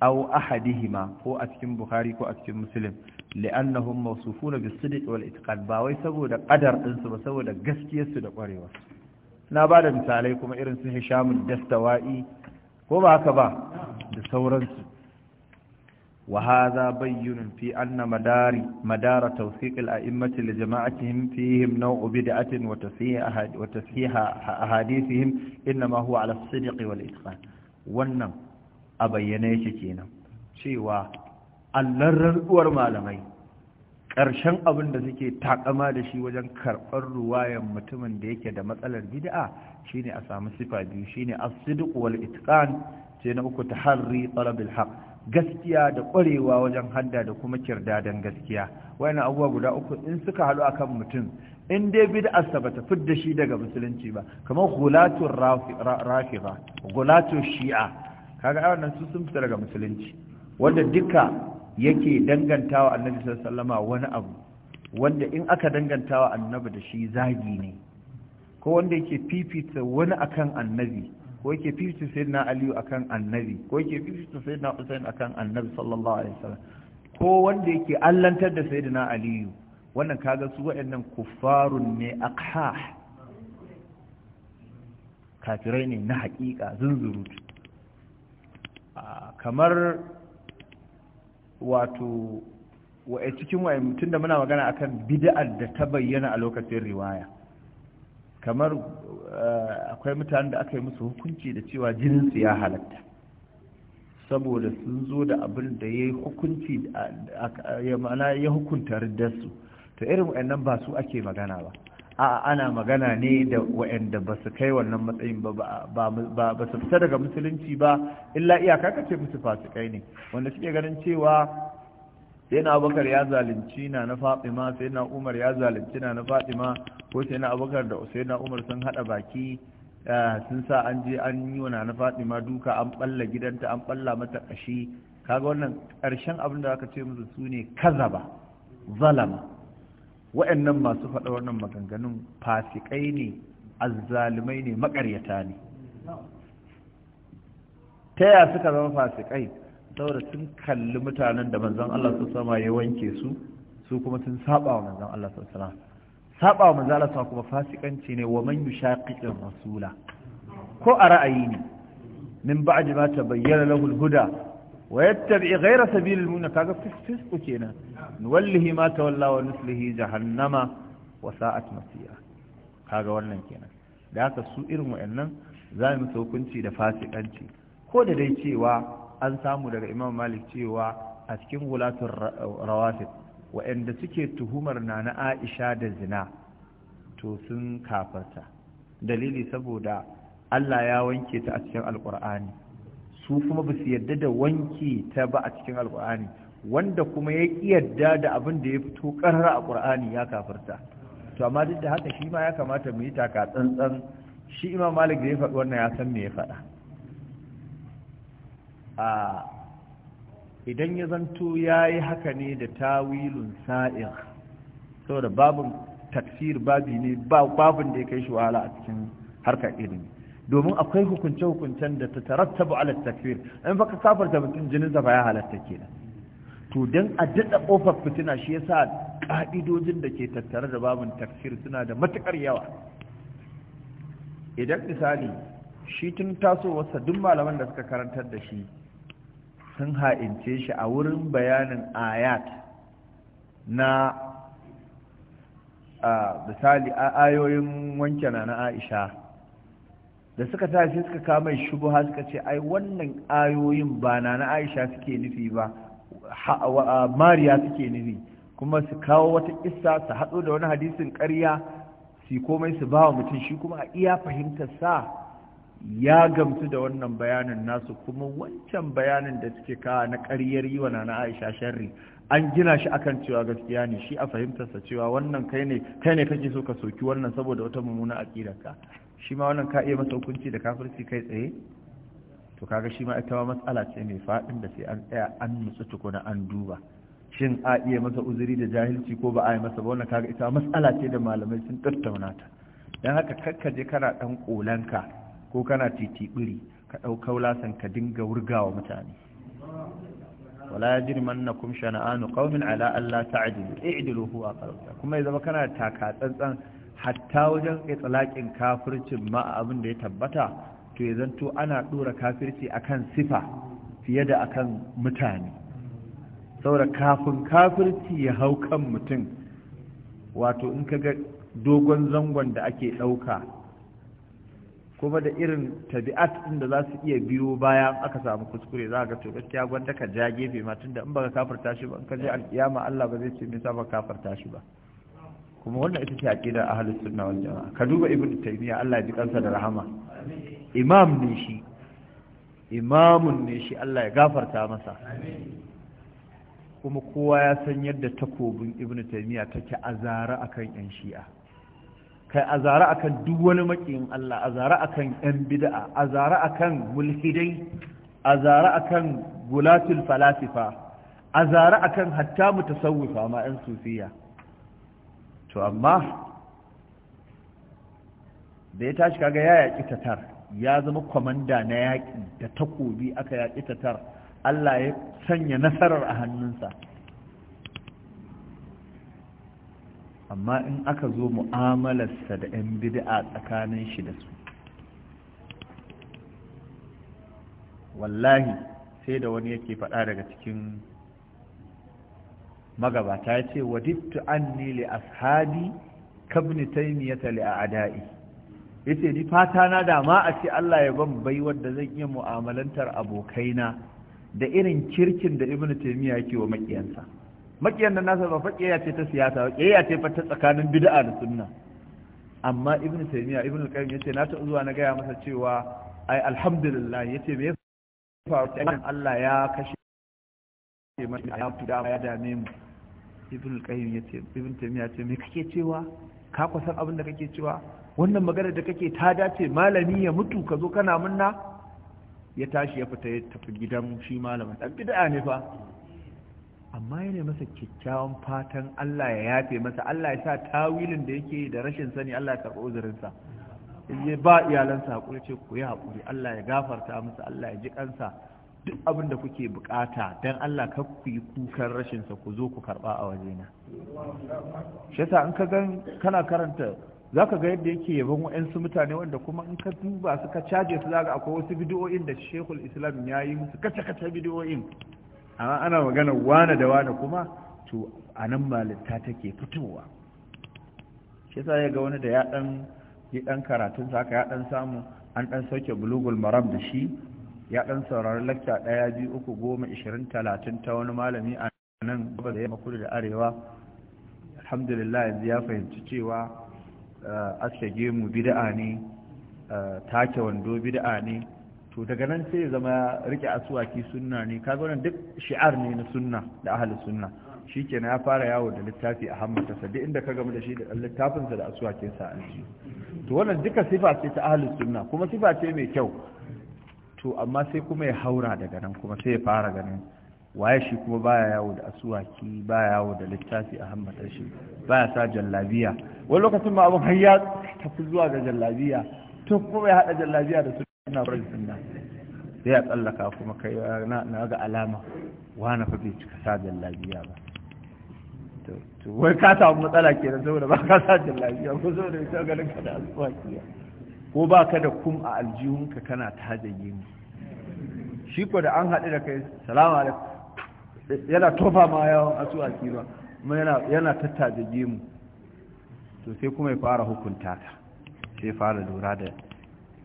aw ahadihima ko a cikin bukhari ko a cikin muslim li'annahum mawsufuna bis-sidq wal-itqan ba wai saboda qadar din su ba saboda gaskiyar su da kwarewa na bada misalai kuma irin su Hisham ad-Dastawai ko ba haka ba da sauransu وهذا بين في أن مدار, مدار توثيق الأئمة لجماعتهم فيهم نوع بدعة وتسحيح أحاديثهم إنما هو على الصدق والإتقان wannan a bayyane shi kenan cewa allar rantsuwar malamai ƙarshen abin da suke taƙama da shi wajen karɓar ruwayan mutumin da yake da matsalar bid'a shine a samu sifa biyu shine as-sidq wal itqan sai na uku ta talab al-haqq gaskiya da ƙwarewa wajen hadda da kuma kirdadan gaskiya wani abubuwa guda uku in suka haɗu akan mutum in dai bi bid'arsa bata fidda shi daga musulunci ba kamar gulatun rafiba gulatun shi'a kaga wannan su sun fita daga musulunci wanda duka yake dangantawa annabi sallama wani abu wanda in aka dangantawa annabi da shi zagi ne ko wanda yake fifita wani akan annabi ko yake fifita sayyidina aliyu akan annabi ko yake fifita sayyidina usain akan annabi sallallahu alaihi wasallam ko wanda yake allantar da sayyidina aliyu wannan kaga su waɗannan kuffarun ne aqha kafirai ne na haƙiƙa zunzurutu ah, kamar wato wa'a eh, cikin wa'a mutum da muna magana akan bid'ar da ta bayyana a lokacin riwaya kamar akwai mutane da aka yi musu hukunci da cewa jinin su ya halatta saboda sun zo da abin da ya yi hukunci ya ya hukunta riddarsu to irin wa'annan ba su ake magana ba a ana magana ne da wa'anda ba su kai wannan matsayin ba ba su fita daga musulunci ba illa iyaka ka ce musu fasikai ne wanda suke ganin cewa sai na abubakar ya zalunci na na fatima sai na umar ya zalunci na na fatima ko sai na abubakar da sai na umar sun hada baki eh, sun sa an je an yi wa na fatima duka an balla gidanta an balla mata kashi kaga wannan karshen abin da aka ce musu su ne kazaba zalama wa'annan masu faɗa wannan maganganun fasikai ne azzalumai ne makaryata ne ta ya suka zama fasikai saboda sun kalli mutanen da manzon Allah su sama ya wanke su su kuma sun saba wa manzon Allah sun sama saba wa manzon Allah kuma fasikanci ne wa man yushaqiqir rasula ko a ra'ayi ne min ba'd ma tabayyana lahu al-huda wa yattabi ghayra sabilil nuna, kaga fisku kenan wallahi ma tawalla wa nuslihi jahannama wa sa'at masiya." kaga wannan kenan da haka su irin wa'annan za mu hukunci da fasikanci ko da dai cewa an samu daga imam malik cewa a cikin gulatun rawatib waɗanda suke tuhumar na na aisha da zina to sun kafarta dalili saboda allah ya wanke ta a cikin alkur'ani su kuma ba su yadda da wanke ta ba a cikin alkur'ani wanda kuma ya yadda da abin da ya fito ƙarar a ƙur'ani ya kafarta to amma duk da haka shi ma ya kamata mu yi taka tsantsan shi imam malik da ya faɗi wannan ya san me ya faɗa a idan ya zanto ya yi haka ne da tawilun sa'ir saboda babin tafsir babi ne babin da ya kai shi wahala a cikin harkar ilimi domin akwai hukunce-hukuncen da ta tarattabu ala tafsir in baka kafarta mutum jinin zafa ya halatta nan, to don a daɗa ƙofar fitina shi ya sa ƙa'idojin da ke tattare da babin tafsir suna da matuƙar yawa idan misali shi tun tasowarsa duk malaman da suka karantar da shi sun ha'ince shi a wurin bayanin ayat na misali ayoyin wanke na na aisha da suka tashi suka kama shubuha suka ce ai wannan ayoyin ba na na aisha suke nufi ba mariya suke nufi kuma su kawo wata kissa su haɗo da wani hadisin ƙarya su komai su ba wa mutum shi kuma a iya fahimtar sa ya gamsu da wannan bayanin nasu kuma wancan bayanin da suke kawa na ƙaryar yi wa na aisha sharri an gina shi akan cewa gaskiya ne shi a fahimtarsa cewa wannan kai ne kai ne kake so ka soki wannan saboda wata mummuna ka shi ma wannan ka iya masa hukunci da kafirci kai tsaye to kaga shi ma ita ma matsala ce mai faɗin da sai an tsaya an nutsu tukuna an duba shin a iya masa uzuri da jahilci ko ba a yi masa ba wannan kaga ita matsala ce da malamai sun tattauna ta dan haka kakkaje kana dan kolanka ko kana titi biri ka ɗau kaulasan ka dinga wurgawa mutane wala na anu ƙaunin ala ɗaya ta'dilu i'dilu huwa aqrab kuma ya zama kana taka tsantsan hatta wajen tsalaƙin kafircin ma abin da ya tabbata to ya zanto ana ɗora kafirci akan sifa fiye da akan mutane saboda kafin kafirci ya hau kan mutum wato in ka ga dogon zangon da ake ɗauka. kuma da irin tabi'at din da za su iya biyo bayan aka samu kuskure za ga to gaskiya gwanda ka ja gefe ma tunda in baka kafarta shi ba in ka je alkiyama Allah ba zai ce me yasa kafarta shi ba kuma wannan ita ce aqidar ahlus sunna wal jamaa ka duba ibnu taymiya Allah ya ji kansa da rahama imam ne shi imamun ne shi Allah ya gafarta masa kuma kowa ya san yadda takobin ibnu taymiya take azara akan yan shi'a kai a azara akan duk wani makiyin Allah a akan yan bid'a a akan mulhidai a akan gulatul falasifa a akan hatta mutasawwifa ma yan sufiya to amma da ya tashi kaga ya yaƙi tatar ya zama kwamanda na yaƙi da takobi aka yaƙi tatar Allah ya sanya nasarar a hannunsa amma in aka zo mu'amalarsa da 'yan bid'a tsakanin shi da su wallahi sai da wani yake faɗa daga cikin magabata ya ce wadittu ni li ashabi kabni taymiyata li a'da'i yace ni fata na da ma a ce Allah ya ban bai wadda zan iya mu'amalantar abokaina da irin kirkin da ibnu taimiyya yake wa makiyansa makiyan nan nasa ba fa kiyaya ce ta siyasa ba kiyaya ce fa ta tsakanin bid'a da sunna amma ibnu taymiya ibnu qayyim yace na ta zuwa na gaya masa cewa ai alhamdulillah yace me faru Allah ya kashe mai ya fida ya dame mu ibnu qayyim yace ibnu taymiya yace me kake cewa ka kusan abin da kake cewa wannan magana da kake ta dace malami ya mutu ka zo kana munna ya tashi ya fita ya tafi gidan shi malamin dan bid'a ne fa amma yana masa kyakkyawan fatan Allah ya yafe masa Allah ya sa tawilin da yake da rashin sani Allah ya karɓi uzurinsa ya ba iyalansa haƙuri ce ku yi haƙuri Allah ya gafarta masa Allah ya ji kansa duk abin da kuke bukata dan Allah kar ku yi kukan rashinsa ku zo ku karɓa a wajena shi yasa in ka gan kana karanta za ka ga yadda yake yaban wa'yansu mutane wanda kuma in ka duba suka caje su za ga akwai wasu bidiyoyin da shekul islam ya yi musu kace-kace bidiyoyin amma ana magana wane da wane kuma to a nan malitta take fitowa shi sa ya ga wani da ya dan yi dan karatun sa ka ya dan samu an dan sauke bulugul maram da shi ya dan saurari lakta ɗaya biyu uku goma ishirin talatin ta wani malami a nan gaba da yamma kudu da arewa alhamdulillah yanzu ya fahimci cewa eh, aske gemu bid'a ne eh, take wando bid'a ne to daga nan sai zama rike asuwaki sunna ne kaga wannan duk shi'ar ne na sunna da ahli sunna shikenan ya fara yawo da littafi a hammata sa duk inda ka gama da shi da littafin sa da asuwakin sa ji to wannan duka sifa ce ta ahli sunna kuma sifa ce mai kyau to amma sai kuma ya haura daga nan kuma sai ya fara ganin waye shi kuma baya yawo da asuwaki baya yawo da littafi a hammata shi baya sa jallabiya wani lokacin ma abin har ya tafi zuwa ga jallabiya to kuma ya hada jallabiya da su ina barin sunna sai a tsallaka kuma kai na ga alama wani fi bai cika sajin lafiya ba to wai ka samu matsala da saboda ba ka sajin lafiya ko saboda ita ganin ka da alfakiya ko ba ka da kum a aljihunka kana ta mu shi ko da an haɗu da kai salamu alaikum yana tofa ma yawan asu a kiba kuma yana tattaje mu to sai kuma ya fara hukunta ta sai fara lura da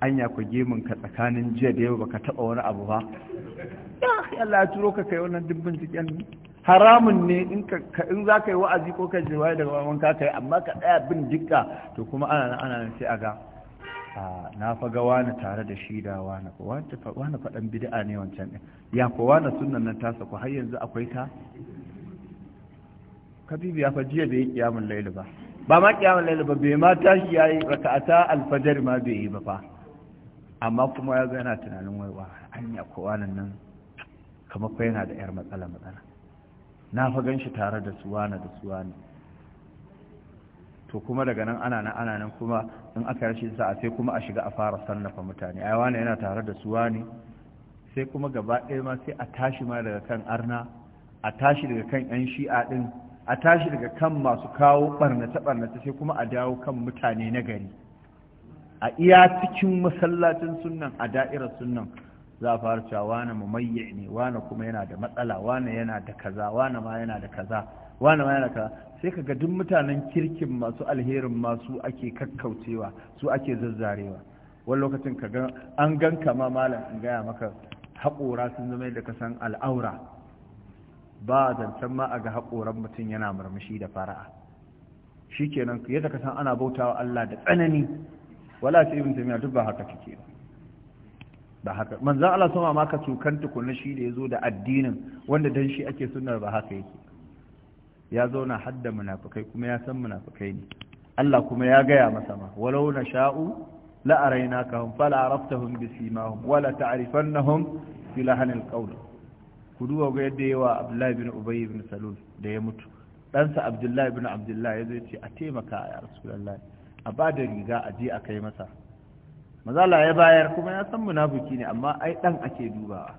anya ku gemun ka tsakanin jiya da yau baka taba wani abu ba Allah ya turo ka kai wannan dubbin cikin haramun ne in ka in za ka yi wa'azi ko ka jiwaye daga wannan ka kai amma ka tsaya bin dukka to kuma ana nan ana nan sai aga na fa ga wani tare da shi da wani wani faɗan bid'a ne wancan din ya ko wani sunnan nan tasa ko har yanzu akwai ta kabibi ya fa jiya bai yi kiyamun ba ba ma kiyamul laili ba bai ma tashi yayi raka'ata alfajar ma bai yi ba fa amma kuma ya gana tunanin an ya kowa nan nan kamar kwa yana da yar matsala matsala na fa gan shi tare da suwana da suwana to kuma daga nan ana nan ana nan kuma in aka rashin sa'a sai kuma a shiga a fara sannafa mutane ai wani yana tare da suwani sai kuma gaba ɗaya ma sai a tashi ma daga kan arna a tashi daga kan yan shi'a ɗin a tashi daga kan masu kawo ɓarnata-ɓarnata sai kuma a dawo kan mutane na gari a iya cikin masallacin sunnan a da'irar sunnan za a fara cewa wane mumayyi ne wane kuma yana da matsala wane yana da kaza wane ma yana da kaza wane ma yana da kaza sai ka ga duk mutanen kirkin masu alherin ma su ake kakkaucewa su ake zazzarewa wani lokacin ka ga an gan kama malam in gaya maka haƙora sun zama da kasan al'aura ba zancen ma a ga haƙoran mutum yana murmushi da fara'a Shi shikenan yadda kasan ana bautawa Allah da tsanani wala ta ibn taymiya duk ba haka take ba haka manzo Allah sama ma ka tukan tukunna shi da yazo da addinin wanda dan shi ake sunnar ba haka yake ya zauna hadda munafikai kuma ya san munafikai ne Allah kuma ya gaya masa ma walau na sha'u la arainakahum fala araftahum simahum wala ta'rifannahum fi lahan alqawl ku duba ga yadda yawa Abdullahi ibn Ubay ibn Salul da ya mutu ɗansa Abdullahi ibn Abdullahi yazo ya ce a taimaka ya Rasulullahi a ba da riga a je a kai masa mazala ya bayar kuma ya san munafiki ne amma ai dan ake dubawa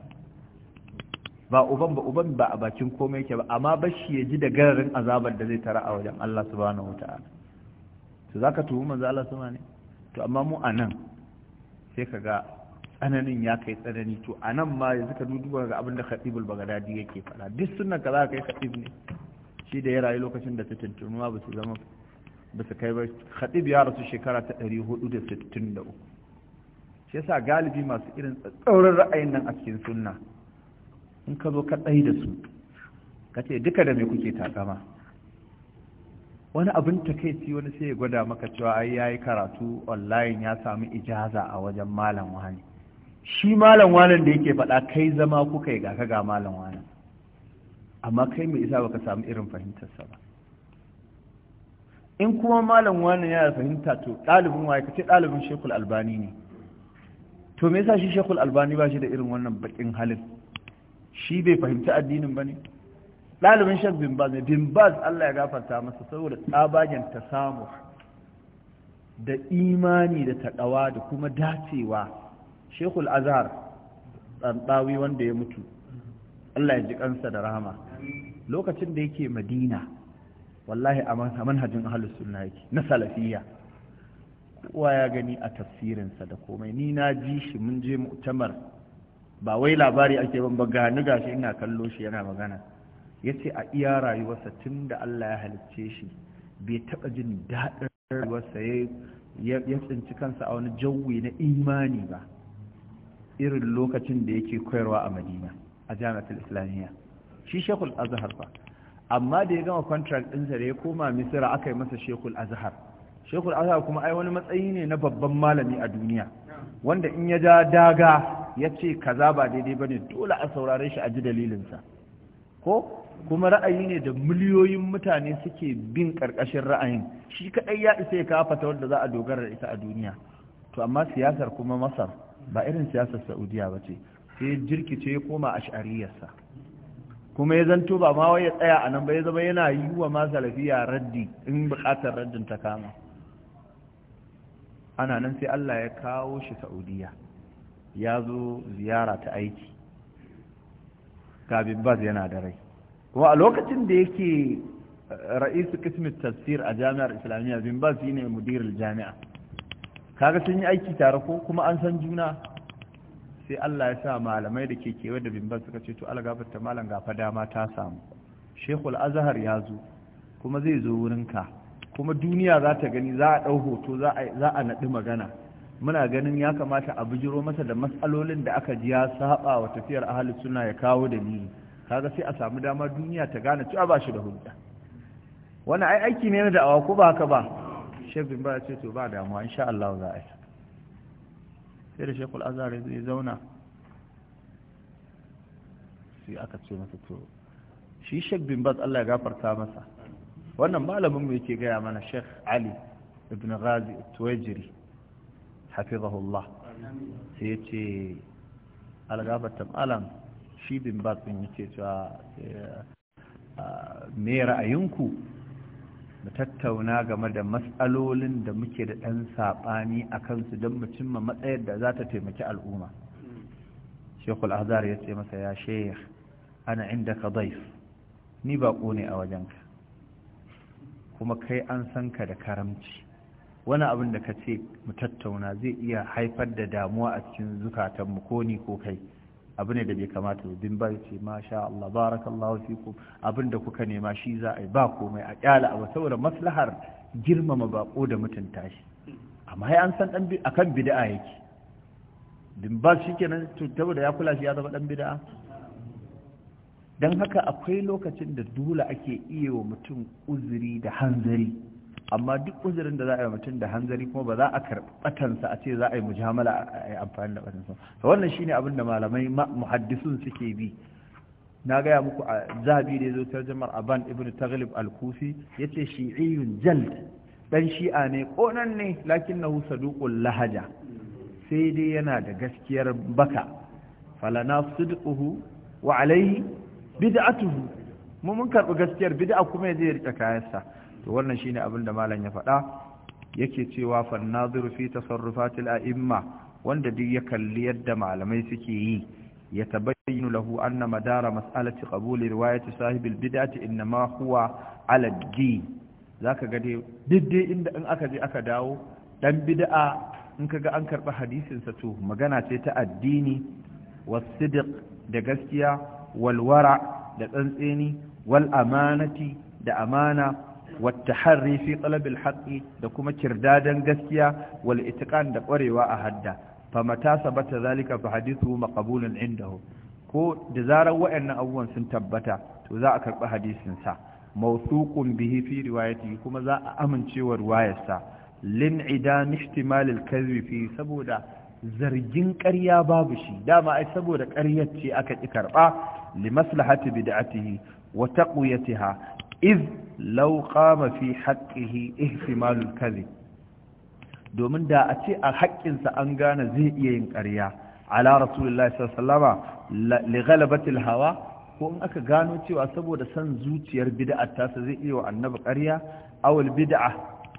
ba uban ba uban ba a bakin komai ke ba amma bashi ya ji da gararin azabar da zai tara a wajen Allah subhanahu wataala to zaka tuhu manzo sama ne to amma mu anan sai kaga tsananin ya kai tsanani to anan ma yanzu ka duduba ga abin da Khatibul bagadadi yake faɗa duk sunan ka za ka kai Khatib ne shi da ya rayu lokacin da ta tuntunuwa ba su zama ba su kai ba khatib ya rasu shekara ta 463 shi yasa galibi masu irin tsaurin ra'ayin nan a cikin sunna in ka zo ka ɗai da su ka ce duka da mai kuke takama wani abin takaici wani sai ya gwada maka cewa ai yayi karatu online ya samu ijaza a wajen malam wani shi malam wanan da yake faɗa kai zama kuka yi ga ga malam wanan amma kai mai isa baka samu irin fahimtarsa ba in kuma malam wani yana fahimta to ɗalibin waye ka ce ɗalibin shekul albani ne to me yasa shi shekul albani ba shi da irin wannan bakin halin shi bai fahimci addinin ba ne ɗalibin shek bin baz ne bin baz allah ya gafarta masa saboda tsabagen ta samu da imani da taɗawa da kuma dacewa shekul azhar ɗanɗawi wanda ya mutu allah ya ji kansa da rahama lokacin da yake madina wallahi a manhajin ahalus sunna yake na salafiyya kowa ya gani a tafsirinsa da komai ni na ji shi mun je mu'tamar ba wai labari ake ban ba gashi ina kallo shi yana magana yace a iya rayuwarsa da Allah ya halicce shi bai taba jin daɗin rayuwarsa ya tsinci kansa a wani jawi na imani ba irin lokacin da yake koyarwa a Madina a jami'atul Islamiyya shi Sheikhul Azhar fa amma da ya gama contract ɗinsa da ya koma misira aka yi masa shekul azhar shekul azhar kuma ai wani matsayi ne na babban malami a duniya wanda in ya ja daga ya ce kaza ba daidai ba ne dole a saurare shi a ji dalilinsa ko kuma ra'ayi ne da miliyoyin mutane suke bin ƙarƙashin ra'ayin shi kaɗai ya isa ya kawo fata wanda za a dogara da ita a duniya to amma siyasar kuma masar ba irin siyasar saudiya ba ce sai jirkice ya koma a shari'arsa kuma ya zanto ba ma wai ya tsaya a nan ba ya zama yana yi wa ma salafiya raddi in bukatar raddin ta kama ana nan sai Allah ya kawo shi Saudiya ya zo ziyara ta aiki kabin baz yana da rai kuma a lokacin da yake eh, ra'isu kismin tafsir a jami'ar islamiyya bin baz shine mudirin jami'a kaga sun yi aiki tare ko kuma an san juna sai Allah ya sa malamai da ke kewa da bimban suka ce to algafarta malam gafa dama ta samu shekul azhar ya zo kuma zai zo wurinka kuma duniya za ta gani za a ɗau hoto za a naɗi magana muna ganin ya kamata a bijiro masa da matsalolin da aka ji ya saba wa tafiyar ahalin suna ya kawo da ni kaga sai a samu dama duniya ta gane cewa ba shi da hulɗa wani ai aiki ne na da'awa ko ba haka ba shekul bin ba ya ce to ba damuwa insha Allah za a yi sai da shekul azhar ya zauna sai aka ce masa to shi shek bin baz Allah ya gafarta masa wannan malamin mu yake gaya mana shek ali ibn ghazi tuwajiri hafizahullah sai ya ce algabata malam shi bin baz bin yake cewa eh, ah, me ra'ayinku mu tattauna game da matsalolin da muke da ɗan saɓani a kansu don mu cimma matsayar da za ta taimaki al'umma shekul azhar ya ce masa ya sheikh ana inda ka daif ni baƙo ne a wajenka kuma kai an san ka da karamci wani abin da ka ce mu tattauna zai iya haifar da damuwa a cikin zukatanmu ko ni ko kai abu ne da bai kamata ba bin bai ce masha Allah barakallahu fikum abin da kuka nema shi za a yi ba komai a kyala abu saboda maslahar girmama bako da mutunta shi amma ya an san dan akan bid'a yake bin ba shi kenan saboda ya kula shi ya zama dan bid'a dan haka akwai lokacin da dole ake iya wa mutum uzuri da hanzari amma duk uzurin da za a yi mutum da hanzari kuma ba za a karɓi batansa a ce za a yi mujamala a yi amfani da batansa to wannan shine abin da malamai muhaddisun suke bi na gaya muku a zabi da ya zo tarjamar aban ibn taghlib al-kufi yace shi'iyyun jald dan shi'a ne konan ne lakin lakinnahu saduqul lahaja sai dai yana da gaskiyar baka falana sidquhu wa alayhi bid'atuhu mu mun karɓi gaskiyar bid'a kuma ya je ya rike kayansa to wannan ne abin da malam ya faɗa yake cewa fannaziru fi tasarrufatil a'imma wanda duk ya kalli yadda malamai suke yi ya tabayyana lahu anna madara mas'alati qabuli riwayati sahibil bid'ati inma huwa ala di zaka ga dai dai inda in aka je aka dawo dan bid'a in kaga an karba hadisin sa to magana ce ta addini wasidq da gaskiya wal wara da tsantseni wal amanati da amana والتحري في طلب الحق دكما كردادا قسيا والإتقان دقوري وأهدا فمتى ثبت ذلك فحديثه مقبول عنده ko da zarar wa'annan abubuwan sun tabbata to za a karɓi hadisinsa mawthuqun bihi fi riwayatihi kuma za a amincewa riwayarsa lin idan ihtimal saboda zargin ƙarya babu shi dama ai saboda ƙaryar ce aka ki karɓa li maslahati bid'atihi wa taqwiyatiha iz law qama fi haqqihi ihtimalul kazi domin da a ce a haƙƙinsa an gane zai iya yin ƙarya ala rasulullahi sallallahu alaihi wasallama hawa ko in aka gano cewa saboda san zuciyar bid'a tasa zai iya wa annabi ƙarya awal bid'a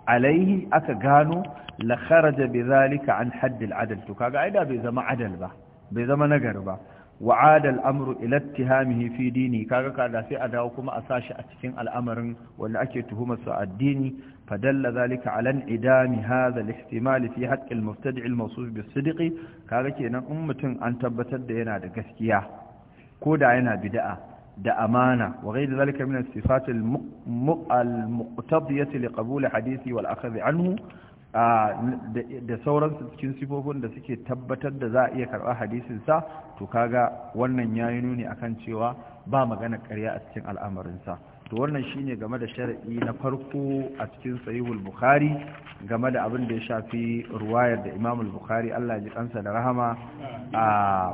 alaihi aka gano la kharaja zalika an haddil adal to kaga aida bai zama adal ba bai zama nagari ba wa adal amru ila ittihamihi fi dini kaga kada sai a dawo kuma a a cikin al'amarin wanda ake tuhumar su addini fadalla zalika ala idami hadha al-ihtimal fi haqq al-mubtadi' al-mawsuf bis-sidqi kaga kenan in mutum an tabbatar da yana da gaskiya ko da yana bid'a da amana wa ghayr zalika min as-sifat al-muqtadiyah li qabul hadithi wal akhadh anhu da sauransu cikin sifofin da suke tabbatar da za a iya karɓar hadisinsa to kaga wannan ya yi nuni akan cewa ba magana ƙarya a cikin al'amarinsa to wannan shine game da shari'i na farko a cikin sahihul bukhari game da abin da ya shafi ruwayar da imamul bukhari Allah ji kansa da rahama a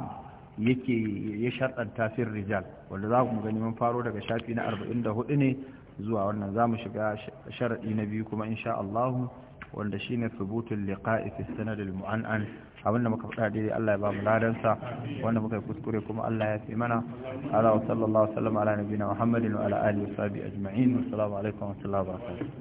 yake ya sharɗanta fin rijal wanda za mu gani mun faro daga shafi na 44 ne zuwa wannan za mu shiga sharaɗi na biyu kuma insha Allahu wanda ne thubutul liqa'i fi sanad mu'anan mu'annan abinda muka faɗa dai Allah ya ba mu ladansa wanda muka kuskure kuma Allah ya fi mana ala wa sallallahu alaihi wa sallam ala nabiyina muhammadin wa ala alihi wa sahbihi ajma'in wa salamu alaikum wa rahmatullahi wa barakatuh